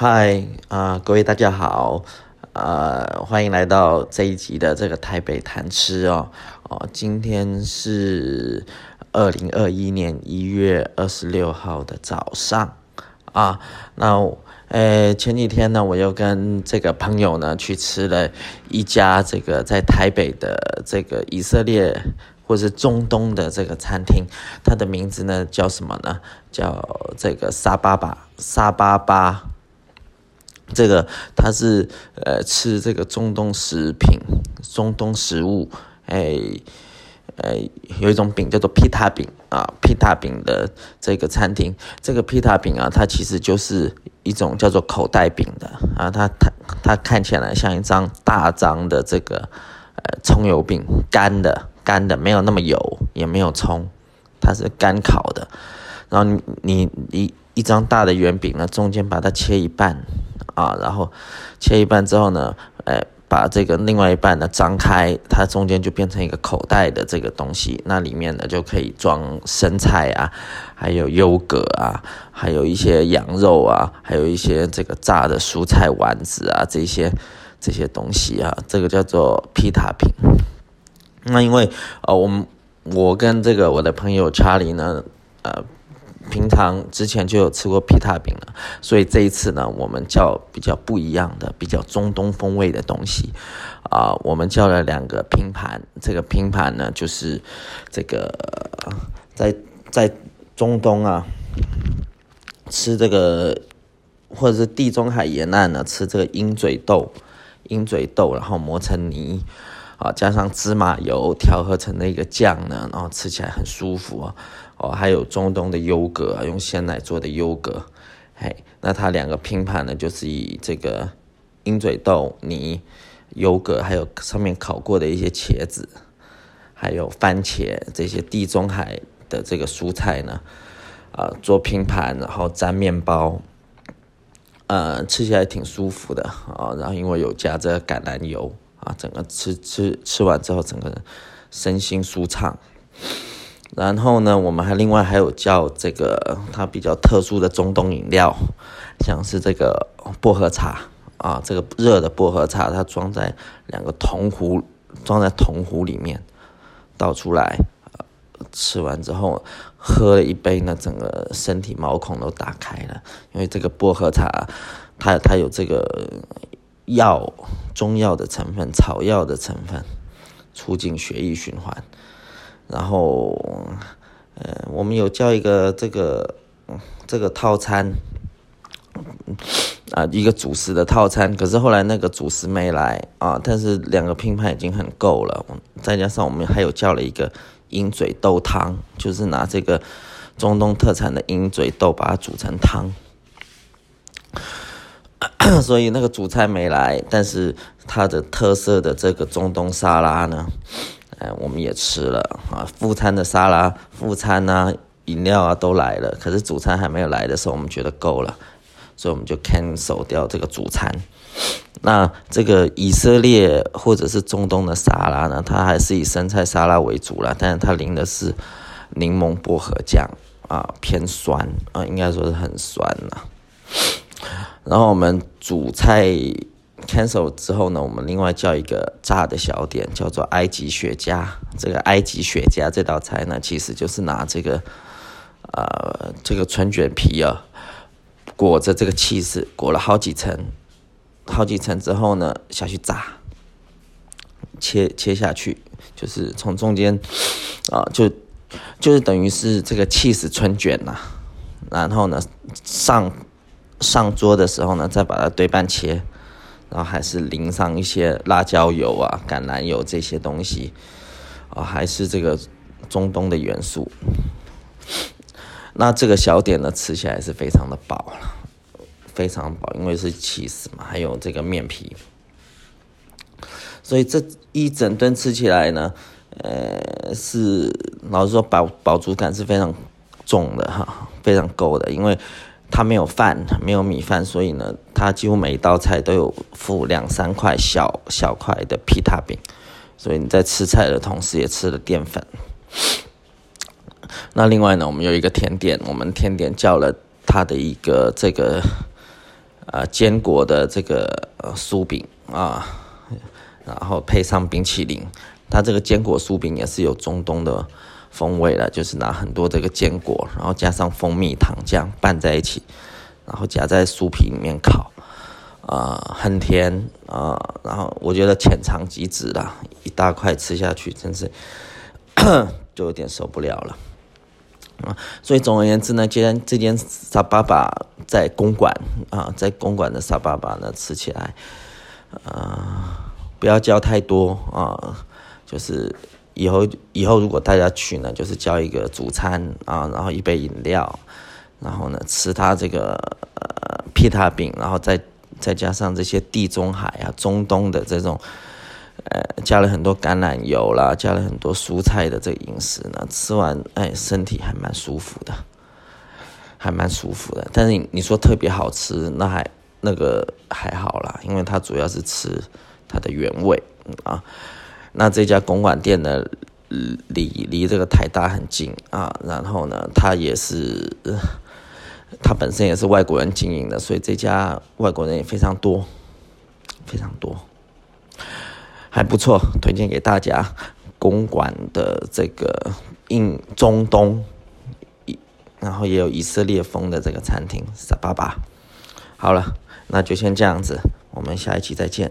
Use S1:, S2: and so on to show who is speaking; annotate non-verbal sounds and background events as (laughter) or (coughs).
S1: 嗨啊、呃，各位大家好，啊、呃，歡迎來到這一集的這個台北談吃哦。哦、呃，今天是二零二一年一月二十六號的早上啊。那誒前幾天呢，我又跟這個朋友呢去吃了一家這個在台北的這個以色列或是中東的這個餐廳，它的名字呢叫什麼呢？叫這個沙巴巴沙巴巴。這個它是呃吃這個中東食品，中東食物，哎，哎，有一種餅叫做皮塔餅啊，皮塔餅的這個餐廳，這個皮塔餅啊，它其實就是一種叫做口袋餅的啊，它它它看起來像一張大張的這個呃蔥油餅，乾的乾的，沒有那麼油，也沒有蔥，它是乾烤的，然後你你一一張大的圓餅呢，中間把它切一半。啊，然後切一半之後呢，呃、哎，把這個另外一半呢張開，它中間就變成一個口袋的這個東西，那裡面呢就可以裝生菜啊，還有優格啊，還有一些羊肉啊，還有一些這個炸的蔬菜丸子啊，這些這些東西啊，這個叫做皮塔餅。那因為呃，我們我跟這個我的朋友查理呢，呃。平常之前就有吃過皮塔餅了，所以這一次呢，我們叫比較不一樣的、比較中東風味的東西，啊、呃，我們叫了兩個拼盤。這個拼盤呢，就是這個在在中東啊，吃這個或者是地中海沿岸呢，吃這個鷹嘴豆，鷹嘴豆然後磨成泥。啊，加上芝麻油調和成那個醬呢，然後吃起來很舒服哦。哦，還有中東的優格，用鮮奶做的優格。嘿，那它兩個拼盤呢，就是以這個鷹嘴豆泥、優格，還有上面烤過的一些茄子，還有番茄這些地中海的這個蔬菜呢，啊、呃，做拼盤，然後蘸麵包，呃，吃起來挺舒服的啊、哦。然後因為有加這橄欖油。啊，整個吃吃吃完之後，整個人身心舒暢。然後呢，我們還另外還有叫這個它比較特殊的中東飲料，像是這個薄荷茶啊，這個熱的薄荷茶，它裝在兩個銅壺，裝在銅壺裡面倒出來，啊，吃完之後喝了一杯呢，整個身體毛孔都打開了，因為這個薄荷茶，它它有這個。藥、中藥的成分、草藥的成分，促進血液循環。然後，呃，我們有叫一個這個、嗯、這個套餐，啊、呃，一個主食的套餐。可是後來那個主食沒來啊，但是兩個拼盤已經很夠了。再加上我們還有叫了一個鷹嘴豆湯，就是拿這個中東特產的鷹嘴豆把它煮成湯。 (coughs) 所以那個主菜沒來，但是它的特色的這個中東沙拉呢，哎、我們也吃了啊。副餐的沙拉、副餐吶、啊、飲料啊都來了，可是主餐還沒有來的時候，我們覺得夠了，所以我們就 cancel 掉這個主餐。那這個以色列或者是中東的沙拉呢，它還是以生菜沙拉為主了，但是它淋的是檸檬薄荷醬啊，偏酸啊，應該說是很酸了、啊。然後我們主菜 cancel 之後呢，我們另外叫一個炸的小點，叫做埃及雪茄。這個埃及雪茄這道菜呢，其實就是拿這個，呃，這個春捲皮啊，裹着這個 cheese，裹了好幾層，好幾層之後呢，下去炸，切切下去，就是從中間啊、呃，就就是等於是這個 cheese 春捲吶、啊，然後呢上。上桌的時候呢，再把它對半切，然後還是淋上一些辣椒油啊、橄欖油這些東西，啊、哦，還是這個中東的元素。那這個小點呢，吃起來是非常的飽，非常飽，因為是起司嘛，還有這個麵皮，所以這一整頓吃起來呢，呃、欸，是老實說飽飽足感是非常重的哈，非常夠的，因為。他沒有飯，沒有米飯，所以呢，他幾乎每一道菜都有附兩三塊小小塊的皮塔餅，所以你在吃菜的同時也吃了澱粉。那另外呢，我們有一個甜點，我們甜點叫了他的一個這個呃堅果的這個、呃、酥餅啊，然後配上冰淇淋。他這個堅果酥餅也是有中東的。風味了，就是拿很多這個堅果，然後加上蜂蜜糖漿拌在一起，然後夾在酥皮裡面烤，啊、呃，很甜啊、呃，然後我覺得淺嘗即止了，一大塊吃下去真是 (coughs) 就有點受不了了啊、呃。所以總而言之呢，今天這間沙巴巴在公館啊、呃，在公館的沙巴巴呢，吃起來啊、呃，不要叫太多啊、呃，就是。以後以後如果大家去呢，就是叫一個主餐啊，然後一杯飲料，然後呢吃它這個呃皮塔餅，然後再再加上這些地中海啊、中東的這種，呃，加了很多橄欖油啦，加了很多蔬菜的這個飲食呢，吃完哎身體還蠻舒服的，還蠻舒服的。但是你說特別好吃，那還那個還好啦，因為它主要是吃它的原味，嗯，啊。那這家公館店呢，離離這個台大很近啊，然後呢，它也是、呃，它本身也是外國人經營的，所以這家外國人也非常多，非常多，還不錯，推薦給大家。公館的這個印中東，然後也有以色列風的這個餐廳沙巴巴。好了，那就先這樣子，我們下一期再見。